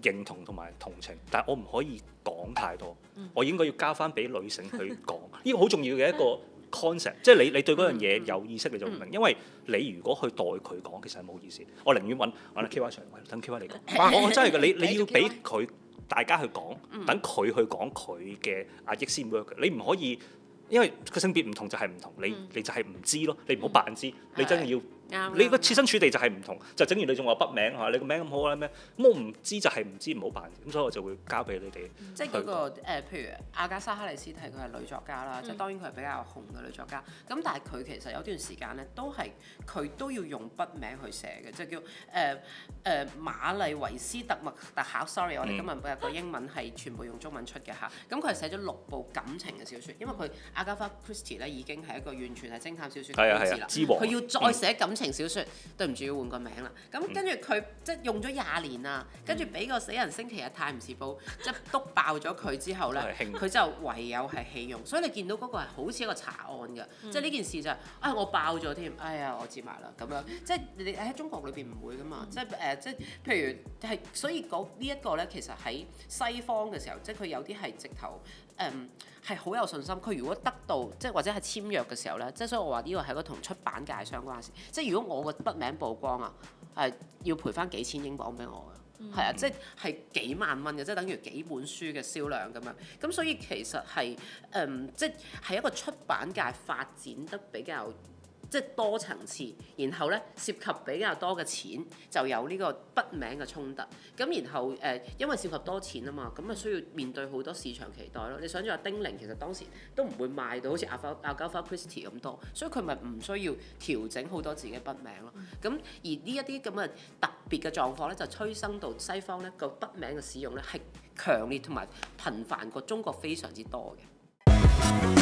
認同同埋同情，但係我唔可以講太多。我應該要交翻俾女性去講，呢個好重要嘅一個 concept，即係你你對嗰樣嘢有意識你就唔明，因為你如果去代佢講，其實係冇意思。我寧願揾揾 K Y 上，喂，等 K Y 你講。我我真係㗎，你你要俾佢大家去講，等佢去講佢嘅壓抑先 work。你唔可以，因為佢性別唔同就係唔同，你你就係唔知咯，你唔好扮知，你真係要。你個設身處地就係唔同，就整完你仲話筆名嚇，你個名咁好啦咩？我唔知就係唔知，唔好辦，咁所以我就會交俾你哋。即係嗰、那個、呃、譬如阿加莎·哈里斯蒂，佢係女作家啦，即係當然佢係比較紅嘅女作家。咁、嗯、但係佢其實有段時間咧，都係佢都要用筆名去寫嘅，即就叫誒誒、呃呃、瑪麗維斯特麥特考。Sorry，、嗯、我哋今日個英文係全部用中文出嘅嚇。咁佢係寫咗六部感情嘅小說，因為佢阿加莎·克里斯蒂咧已經係一個完全係偵探小說女王。佢、嗯嗯、要再寫感情、嗯。情小說，對唔住要換個名啦。咁跟住佢即係用咗廿年啊，跟住俾個死人《星期日泰晤士報》即係篤爆咗佢之後咧，佢 就唯有係棄用。所以你見到嗰個係好似一個查案㗎， 即係呢件事就啊、是哎、我爆咗添，哎呀我知埋啦咁樣，即係你喺中國裏邊唔會噶嘛， 即係誒、呃、即係譬如係，所以嗰呢一個咧其實喺西方嘅時候，即係佢有啲係直頭。誒，係好、um，有信心。佢如果得到，即係或者係簽約嘅時候咧，即係所以我話呢個係一個同出版界相關嘅事。即係如果我個筆名曝光啊，係要賠翻幾千英鎊俾我嘅，係啊、嗯，即係幾萬蚊嘅，即係等於幾本書嘅銷量咁樣。咁所以其實係誒、嗯，即係一個出版界發展得比較。即係多層次，然後咧涉及比較多嘅錢，就有呢個筆名嘅衝突。咁然後誒、呃，因為涉及多錢啊嘛，咁啊需要面對好多市場期待咯。你想住阿丁玲，其實當時都唔會賣到好似阿方阿加莎 Christie 咁多，所以佢咪唔需要調整好多自己筆名咯。咁、嗯、而這這呢一啲咁嘅特別嘅狀況咧，就催生到西方咧、這個筆名嘅使用咧係強烈同埋頻繁過中國非常之多嘅。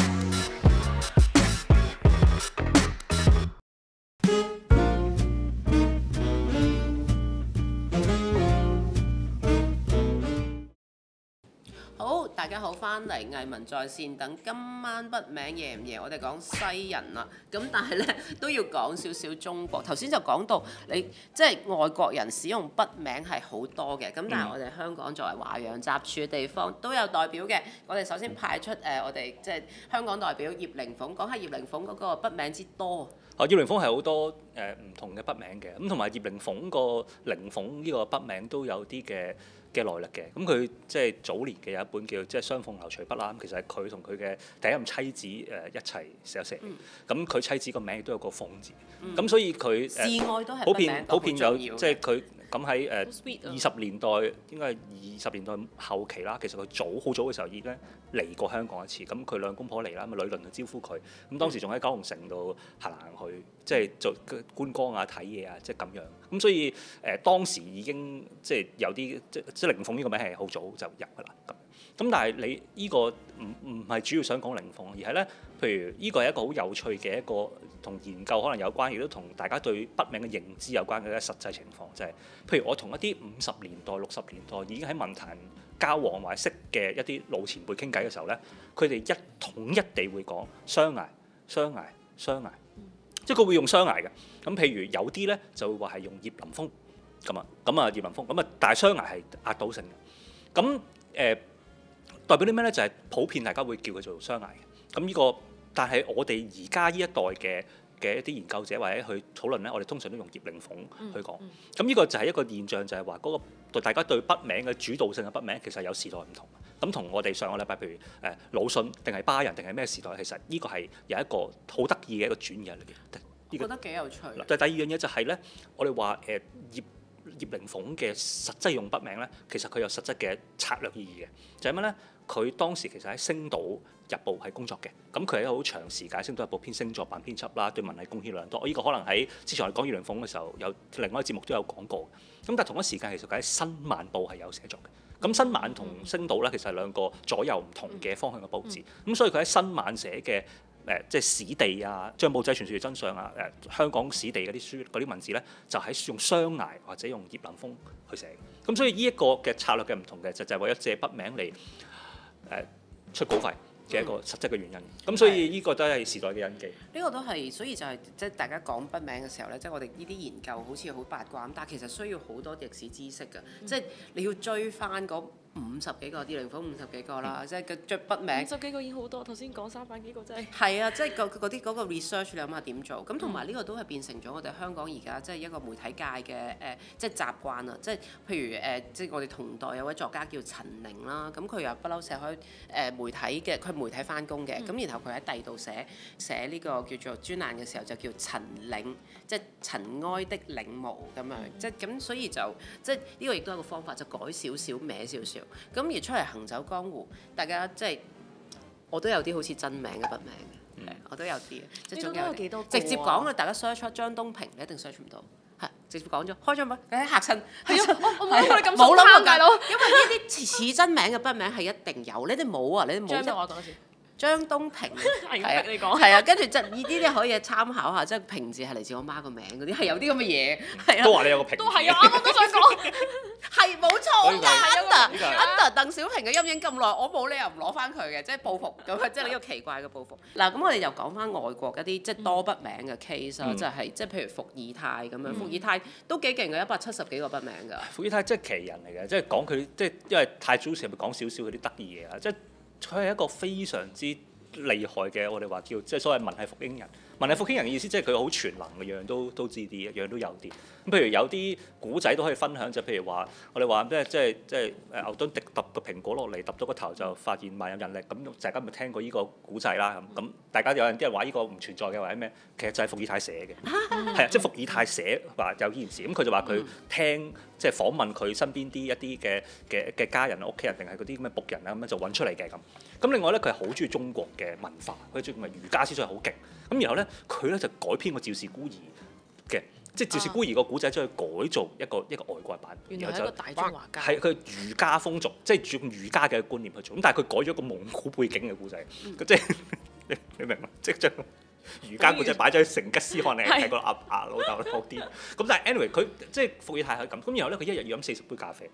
好，翻嚟藝文在線等，今晚筆名夜唔夜，我哋講西人啦。咁但係咧都要講少少中國。頭先就講到你即係外國人使用筆名係好多嘅。咁但係我哋香港作為華洋雜處嘅地方，都有代表嘅。我哋首先派出誒我哋即係香港代表葉靈鳳，講下葉靈鳳嗰個筆名之多。啊，葉靈鳳係好多誒唔同嘅筆名嘅。咁同埋葉靈鳳個靈鳳呢個筆名都有啲嘅嘅來歷嘅，咁佢即係早年嘅有一本叫即係《雙鳳樓隨筆》啦，咁其實係佢同佢嘅第一任妻子誒一齊寫一寫。咁佢、嗯、妻子個名亦都有個鳳字，咁、嗯、所以佢普遍普遍有即係佢。咁喺誒二十年代，應該係二十年代後期啦。其實佢早好早嘅時候已經嚟過香港一次。咁佢兩公婆嚟啦，咁啊女鄰去招呼佢。咁、嗯嗯、當時仲喺九龍城度行行去，即係做觀光啊、睇嘢啊，即係咁樣。咁、嗯、所以誒、呃、當時已經即係有啲即係即係靈鳳呢個名係好早就入㗎啦。咁咁但係你呢個唔唔係主要想講靈鳳，而係咧，譬如呢個係一個好有趣嘅一個。同研究可能有關，亦都同大家對筆名嘅認知有關嘅一實際情況，就係、是，譬如我同一啲五十年代、六十年代已經喺文壇交往或者識嘅一啲老前輩傾偈嘅時候咧，佢哋一統一地會講霜崖、霜崖、霜崖，即係佢會用霜崖嘅。咁譬如有啲咧就會話係用葉靈鳳。咁啊，咁啊葉靈鳳。咁啊，但係霜崖係壓倒性嘅。咁誒、呃、代表啲咩咧？就係、是、普遍大家會叫佢做霜崖咁呢個。但係我哋而家呢一代嘅嘅一啲研究者或者去討論咧，我哋通常都用葉靈鳳去講。咁呢、嗯嗯、個就係一個現象就，就係話嗰個對大家對筆名嘅主導性嘅筆名，其實有時代唔同。咁同我哋上個禮拜，譬如誒魯迅定係巴人定係咩時代，其實呢個係有一個好得意嘅一個轉移嚟嘅。這個、覺得幾有趣。就第二樣嘢就係咧，我哋話誒葉葉靈鳳嘅實際用筆名咧，其實佢有實質嘅策略意義嘅，就係乜咧？佢當時其實喺星島日報係工作嘅，咁佢係好長時間星島日報編星座版編輯啦，對文藝貢獻量多。我、這、依個可能喺之前我哋講葉靈鳳嘅時候有另外一個節目都有講過。咁但係同一時間其實佢喺新晚報係有寫作嘅。咁新晚同星島咧，其實係兩個左右唔同嘅方向嘅報紙。咁、嗯、所以佢喺新晚寫嘅誒，即係史地啊，張保仔傳説與真相啊，誒、呃、香港史地嗰啲書嗰啲文字咧，就喺、是、用雙涯或者用葉靈鳳去寫。咁所以呢一個嘅策略嘅唔同嘅就就是、為咗借筆名嚟。誒出稿費嘅一個實質嘅原因，咁、嗯、所以呢個都係時代嘅印記。呢個都係，所以就係即係大家講筆名嘅時候咧，即係我哋呢啲研究好似好八卦咁，但係其實需要好多歷史知識嘅，即係你要追翻嗰。五十幾個啲靈魂，五十幾個啦，即係佢着筆名。五十幾個已經好多，頭先講三百幾個真係。係啊，即係嗰啲嗰個 research，你諗下點做？咁同埋呢個都係變成咗我哋香港而家即係一個媒體界嘅誒，即、呃、係、就是、習慣啊！即係譬如誒，即、呃、係、就是、我哋同代有位作家叫陳寧啦，咁佢又不嬲寫開誒媒體嘅，佢係媒體翻工嘅，咁、嗯、然後佢喺第二度寫寫呢個叫做專欄嘅時候就叫陳嶺，即係塵埃的嶺霧咁樣，即係咁，就是、所以就即係呢個亦都係一個方法，就改少少，歪少少。咁而出嚟行走江湖，大家即係我都有啲好似真名嘅筆名嘅，我都有啲嘅。呢度、嗯、有幾多、啊？直接講啊！大家 search 出張東平，你一定 search 唔到。係直接講咗開咗乜？誒嚇親，我我冇諗過你咁冇啦，大佬。哥哥因為呢啲 似，似真名嘅筆名係一定有，你哋冇啊！你哋冇。我真 張東平係 啊，你講說係啊，跟住就呢啲你可以參考下，即、就、係、是、平字係嚟自我媽個名嗰啲，係有啲咁嘅嘢。係啊，都話你有個平字，都係啊，我都想講，係冇 錯㗎。Under，Under，鄧小平嘅陰影咁耐，我冇理由唔攞翻佢嘅，即係報復咁，即係呢個奇怪嘅報復。嗱、啊，咁我哋又講翻外國一啲即係多筆名嘅 case 啊，就係即係譬如伏爾泰咁樣，伏爾泰都幾勁嘅，一百七十幾個筆名㗎。伏爾泰即係奇人嚟嘅，即係講佢即係因為太早時咪講少少佢啲得意嘢啊，即係。佢係一個非常之。厲害嘅，我哋話叫即係所謂文藝復興人。文藝復興人嘅意思即係佢好全能，樣樣都都知啲，樣樣都有啲。咁譬如有啲古仔都可以分享，就譬如話，我哋話咩即係即係牛頓跌揼個蘋果落嚟，揼咗個頭就發現萬有引力。咁大家咪聽過呢個古仔啦？咁大家有人啲人話呢個唔存在嘅，或者咩？其實就係伏爾泰寫嘅，係啊，即係伏爾泰寫話有呢件事。咁佢就話佢聽即係訪問佢身邊啲一啲嘅嘅嘅家人、屋企人，定係嗰啲咁嘅僕人啊，咁樣就揾出嚟嘅咁。咁另外咧，佢係好中意中國嘅文化，佢中意咩？儒家思想係好勁。咁然後咧，佢咧就改編個趙氏孤兒嘅，即係趙氏孤兒個古仔，將佢改造一個一個外國版。然後就大個大家，係佢儒家風俗，即係用儒家嘅觀念去做。咁但係佢改咗個蒙古背景嘅古仔，佢即係你你明嘛？即係將儒家古仔擺咗去成吉思汗，你係個阿阿老豆啲。咁但係 anyway，佢即係伏爾泰係咁。咁然後咧，佢一日要飲四十杯咖啡。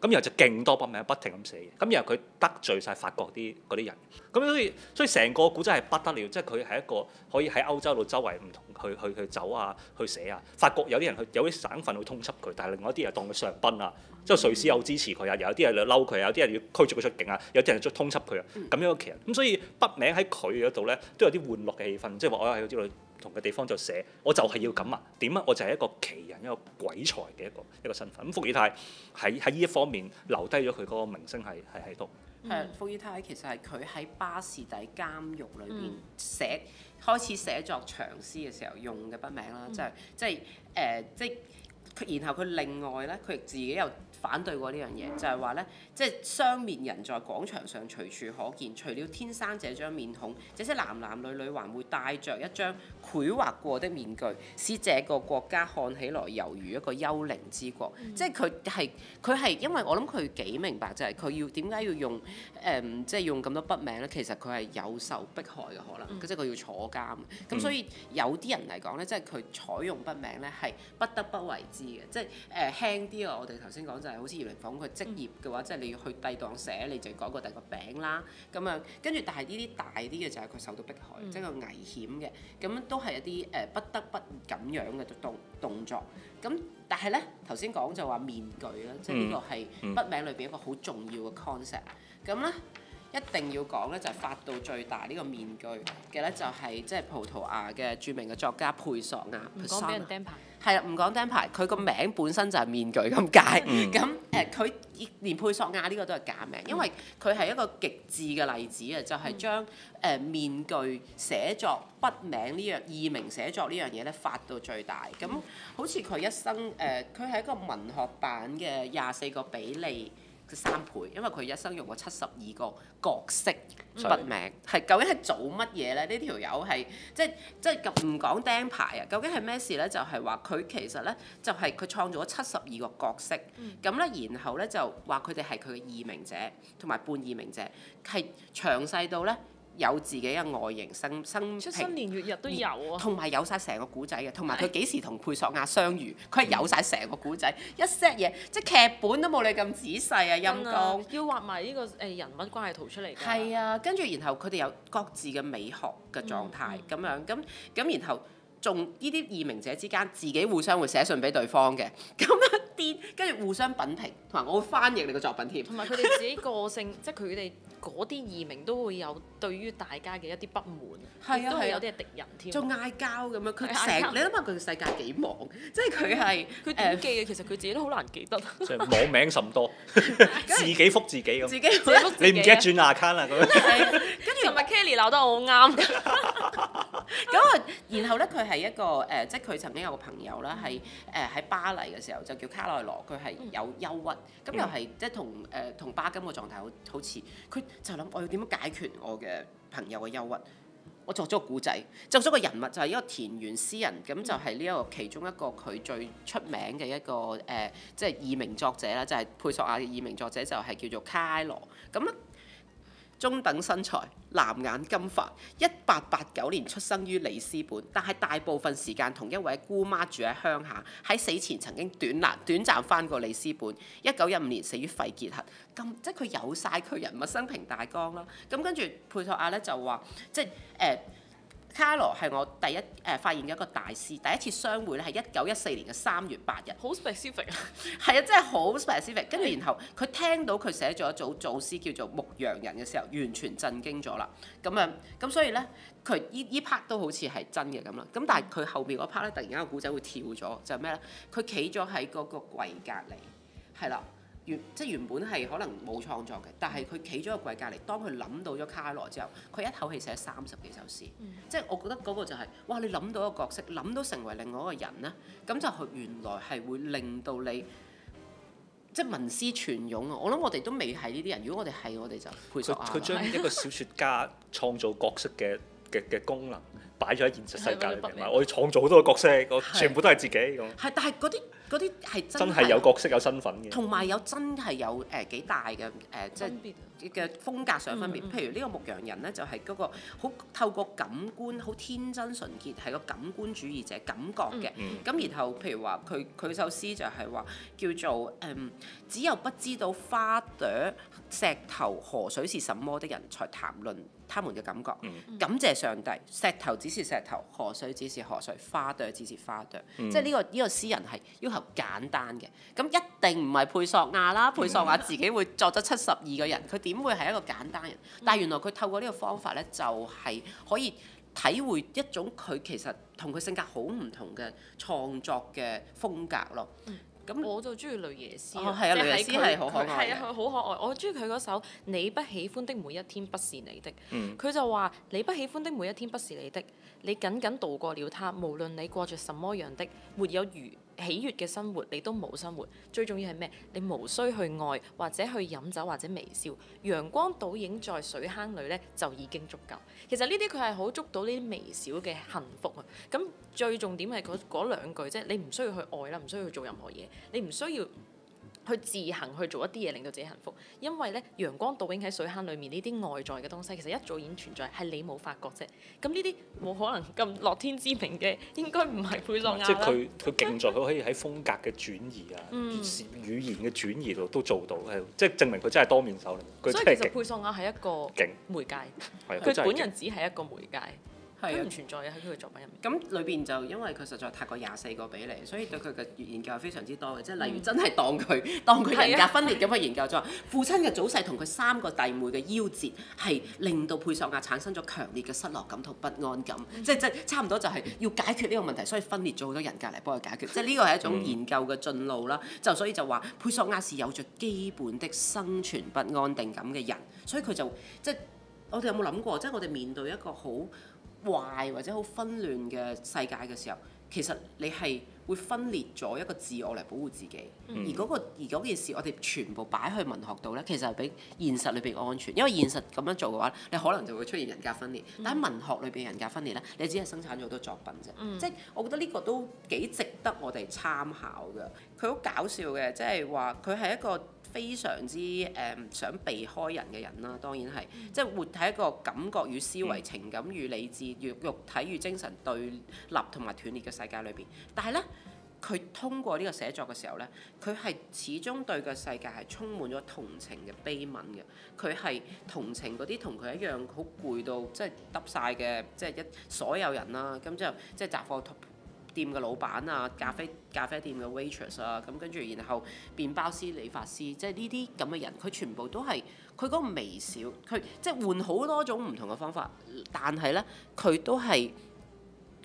咁然後就勁多筆名，不停咁寫嘢。咁然後佢得罪晒法國啲嗰啲人，咁所以所以成個古仔係不得了，即係佢係一個可以喺歐洲度周圍唔同去去去走啊，去寫啊。法國有啲人去有啲省份去通緝佢，但係另外一啲人當佢上賓啊，即係瑞士有支持佢啊，有啲人就嬲佢，有啲人要驅逐佢出境啊，有啲人就通緝佢啊，咁樣嘅劇情。咁所以筆名喺佢嗰度咧，都有啲玩樂嘅氣氛，即係話我喺度。同嘅地方就寫，我就係要咁啊！點啊？我就係一個奇人，一個鬼才嘅一個一個身份。咁伏爾泰喺喺呢一方面留低咗佢嗰個名聲係係喺度。係、嗯、伏爾泰其實係佢喺巴士底監獄裏邊寫、嗯、開始寫作長詩嘅時候用嘅筆名啦，即係即係誒即係。然後佢另外咧，佢自己又。反對過呢樣嘢，就係話咧，即係雙面人在廣場上隨處可見，除了天生這張面孔，這些男男女女還會帶着一張繪畫過的面具，使這個國家看起來猶如一個幽靈之國。嗯、即係佢係佢係因為我諗，佢幾明白就係、是、佢要點解要用誒，即係用咁多筆名咧？其實佢係有受迫害嘅可能，嗯、即係佢要坐監，咁所以、嗯、有啲人嚟講咧，即係佢採用筆名咧係不得不為之嘅，即係誒輕啲啊！我哋頭先講就係、是。好似葉靈鳳佢職業嘅話，嗯、即係你要去替檔寫，你就講個第個餅啦。咁啊，跟住但係呢啲大啲嘅就係佢受到迫害，即係個危險嘅。咁都係一啲誒、呃、不得不咁樣嘅動動作。咁但係咧，頭先講就話面具啦，即係呢個係《筆名》裏邊一個好重要嘅 concept。咁咧，一定要講咧就係發到最大呢個面具嘅咧，就係即係葡萄牙嘅著名嘅作家佩索亞。係啊，唔講 d 牌。佢個名本身就係面具咁解。咁誒、嗯，佢、呃、連佩索亞呢個都係假名，因為佢係一個極致嘅例子啊，就係將誒面具寫作筆名呢樣異名寫作呢樣嘢咧發到最大。咁、嗯、好似佢一生誒，佢、呃、係一個文學版嘅廿四個比利，三倍，因為佢一生用過七十二個角色出名，係究竟係做乜嘢咧？呢條友係即即唔講釘牌啊！究竟係咩事咧？就係話佢其實咧就係佢創造咗七十二個角色，咁咧然後咧就話佢哋係佢嘅異名者同埋半異名者，係詳細到咧。有自己嘅外形生生，出生年月日都有啊。同埋有晒成個古仔嘅，同埋佢幾時同佩索亞相遇，佢係有晒成個古仔 一 set 嘢，即係劇本都冇你咁仔細啊的陰公，要畫埋呢、呢個誒、呃、人物關係圖出嚟㗎。係啊，跟住然後佢哋有各自嘅美學嘅狀態咁、嗯、樣，咁咁然後。仲呢啲異名者之間，自己互相會寫信俾對方嘅，咁一啲跟住互相品評，同埋我會翻譯你嘅作品添。同埋佢哋自己個性， 即係佢哋嗰啲異名都會有對於大家嘅一啲不滿，啊，都會有啲敵人添，仲嗌交咁樣。佢成 你諗下，佢世界幾忙？嗯、即係佢係佢點記嘅，呃、其實佢自己都好難記得。網名甚多 自自自，自己覆自己咁，自己你唔記得轉 account 啊？咁，Kelly 鬧得好啱。咁啊， 然後咧，佢係一個誒、呃，即係佢曾經有個朋友啦，係誒喺巴黎嘅時候就叫卡內羅，佢係有憂鬱，咁、嗯、又係即係同誒同巴金個狀態好好似，佢就諗我要點樣解決我嘅朋友嘅憂鬱，我作咗個故仔，作咗個人物就係、是、一個田園詩人，咁就係呢一個其中一個佢最出名嘅一個誒，即係異名作者啦，就係、是、佩索阿嘅異名作者就係叫做卡埃羅，咁、嗯中等身材，藍眼金髮，一八八九年出生於里斯本，但係大部分時間同一位姑媽住喺鄉下。喺死前曾經短暫短暫返過里斯本。一九一五年死於肺結核。咁即係佢有晒，佢人物生平大綱啦。咁跟住佩索亞咧就話，即係誒。呃卡羅係我第一誒、呃、發現嘅一個大師，第一次相會咧係一九一四年嘅三月八日。好 specific 啊！係 啊，真係好 specific。跟住然後佢聽到佢寫咗一組組詩叫做《牧羊人》嘅時候，完全震驚咗啦。咁、嗯、啊，咁、嗯嗯、所以咧，佢依依 part 都好似係真嘅咁啦。咁、嗯、但係佢後面嗰 part 咧，突然間個古仔會跳咗，就係咩咧？佢企咗喺嗰個櫃隔籬，係啦。原即係原本係可能冇創作嘅，但係佢企咗個櫃隔籬。當佢諗到咗卡羅之後，佢一口氣寫三十幾首詩。嗯、即係我覺得嗰個就係、是、哇！你諗到一個角色，諗到成為另外一個人咧，咁就原來係會令到你即係文思泉湧啊！我諗我哋都未係呢啲人。如果我哋係，我哋就佩服啊！佢佢將一個小說家創造角色嘅嘅嘅功能擺咗喺現實世界裏面，我要創造好多個角色，的全部都係自己咁。係的，但係啲。嗰啲係真係有角色有身份嘅，同埋有真係有誒、呃、幾大嘅誒，即係嘅風格上分別。嗯嗯，譬如呢個牧羊人咧，就係、是、嗰、那個好透過感官，好天真純潔，係個感官主義者，感覺嘅。咁、嗯嗯、然後譬如話佢佢首詩就係話叫做誒、呃，只有不知道花朵、石頭、河水是什麼的人才談論，才談論。他們嘅感覺，嗯、感謝上帝，石頭只是石頭，河水只是河水，花朵只是花朵，嗯、即係呢、這個呢、這個詩人係要求簡單嘅，咁一定唔係佩索亞啦，佩、嗯、索亞自己會作得七十二個人，佢點會係一個簡單人？嗯、但係原來佢透過呢個方法咧，就係、是、可以體會一種佢其實同佢性格好唔同嘅創作嘅風格咯。嗯咁我就中意雷耶斯，即係係佢，係啊，佢好可，可愛。我中意佢嗰首《你不喜歡的每一天不是你的》嗯，佢就話：你不喜歡的每一天不是你的，你僅僅度過了它，無論你過着什麼樣的，沒有餘，喜悅嘅生活，你都冇生活。最重要係咩？你無需去愛，或者去飲酒，或者微笑。陽光倒影在水坑裏咧，就已經足夠。其實呢啲佢係好捉到呢啲微小嘅幸福啊。咁最重點係嗰兩句，即係你唔需要去愛啦，唔需要去做任何嘢，你唔需要。去自行去做一啲嘢令到自己幸福，因為咧陽光倒影喺水坑裏面呢啲外在嘅東西，其實一早已經存在，係你冇發覺啫。咁呢啲冇可能咁樂天知命嘅，應該唔係佩索亞。即係佢佢勁在，佢可以喺風格嘅轉移啊， 嗯、語言嘅轉移度都做到，係即係證明佢真係多面手嚟。所以其實佩索亞係一個媒介，佢勁本人只係一個媒介。係啊，存在喺佢嘅作品入面。咁裏邊就因為佢實在太過廿四個比例，所以對佢嘅研究係非常之多嘅。即係例如真係當佢、嗯、當佢人格分裂咁去研究咗。啊、父親嘅早逝同佢三個弟妹嘅夭折係令到佩索亞產生咗強烈嘅失落感同不安感。即係即係差唔多就係要解決呢個問題，所以分裂咗好多人格嚟幫佢解決。即係呢個係一種研究嘅進路啦。就、嗯、所以就話佩索亞是有着基本的生存不安定感嘅人。所以佢就即係、就是、我哋有冇諗過？即、就、係、是、我哋面對一個好。壞或者好紛亂嘅世界嘅時候，其實你係會分裂咗一個自我嚟保護自己，嗯、而嗰、嗰個、而件事，我哋全部擺去文學度咧，其實係比現實裏邊安全，因為現實咁樣做嘅話，你可能就會出現人格分裂。嗯、但喺文學裏邊人格分裂咧，你只係生產咗好多作品啫。即係、嗯、我覺得呢個都幾值得我哋參考嘅。佢好搞笑嘅，即係話佢係一個。非常之誒想避開人嘅人啦，當然係，即係活喺一個感覺與思維、嗯、情感與理智、肉肉體與精神對立同埋斷裂嘅世界裏邊。但係咧，佢通過呢個寫作嘅時候咧，佢係始終對個世界係充滿咗同情嘅悲憫嘅。佢係同情嗰啲同佢一樣好攰到即係得晒嘅，即係一所有人啦。咁之後即係雜貨 t 店嘅老闆啊，咖啡咖啡店嘅 waitress 啊，咁跟住然後麵包師、理髮師，即係呢啲咁嘅人，佢全部都係，佢嗰個微小，佢即係換好多種唔同嘅方法，但係咧佢都係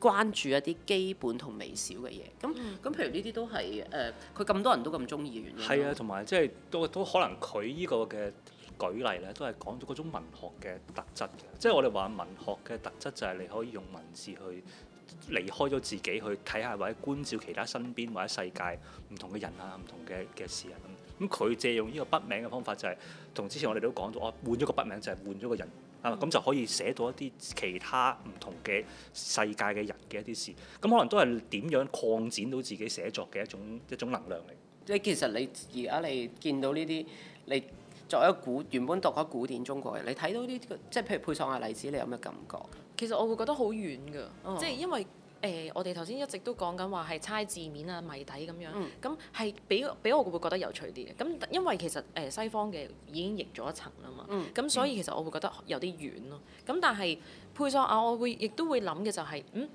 關注一啲基本同微小嘅嘢。咁咁譬如呢啲都係誒，佢、呃、咁多人都咁中意嘅原因。係啊，同埋即係都都可能佢依個嘅舉例咧，都係講咗嗰種文學嘅特質嘅。即係我哋話文學嘅特質就係你可以用文字去。離開咗自己去睇下或者觀照其他身邊或者世界唔同嘅人啊，唔同嘅嘅事啊咁。咁、嗯、佢借用呢個筆名嘅方法就係、是、同之前我哋都講咗，我、啊、換咗個筆名就係、是、換咗個人啊，咁、嗯嗯、就可以寫到一啲其他唔同嘅世界嘅人嘅一啲事。咁、嗯、可能都係點樣擴展到自己寫作嘅一種一種能量嚟。即係其實你而家你見到呢啲，你作為古原本讀開古典中國人，你睇到呢個即係譬如佩索亞嘅例子，你有咩感覺？其實我會覺得好遠㗎，哦、即係因為誒、呃、我哋頭先一直都講緊話係猜字面啊、謎底咁樣，咁係、嗯、比比我會唔會覺得有趣啲嘅？咁因為其實誒、呃、西方嘅已經譯咗一層啦嘛，咁、嗯、所以其實我會覺得有啲遠咯。咁但係佩索亞，我會亦都會諗嘅就係、是，嗯，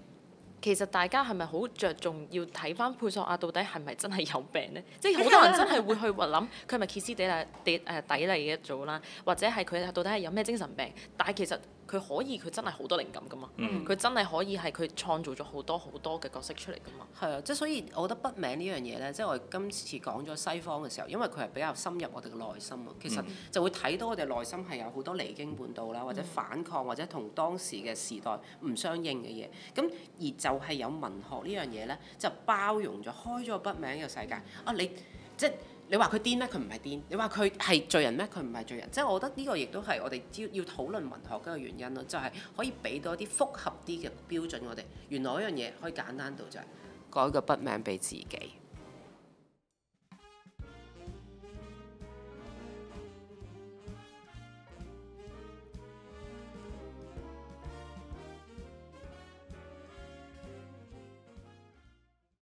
其實大家係咪好着重要睇返佩索亞到底係咪真係有病呢？嗯、即係好多人真係會去諗佢咪歇斯底底跌、呃、底里嘅、呃、一組啦，或者係佢到底係有咩精神病？但係其實。佢可以，佢真係好多靈感噶嘛？佢、mm hmm. 真係可以係佢創造咗好多好多嘅角色出嚟噶嘛？係啊，即係所以我覺得筆名呢樣嘢呢，即係我哋今次講咗西方嘅時候，因為佢係比較深入我哋嘅內心啊，其實就會睇到我哋內心係有好多離經叛道啦，或者反抗，或者同當時嘅時代唔相應嘅嘢。咁而就係有文學呢樣嘢呢，就包容咗開咗筆名嘅世界啊！你即你話佢癲咩？佢唔係癲；你話佢係罪人咩？佢唔係罪人。即係我覺得呢個亦都係我哋要討論文學嘅一個原因咯，就係可以俾到一啲複合啲嘅標準。我哋原來一樣嘢可以簡單到就係改個筆名俾自己。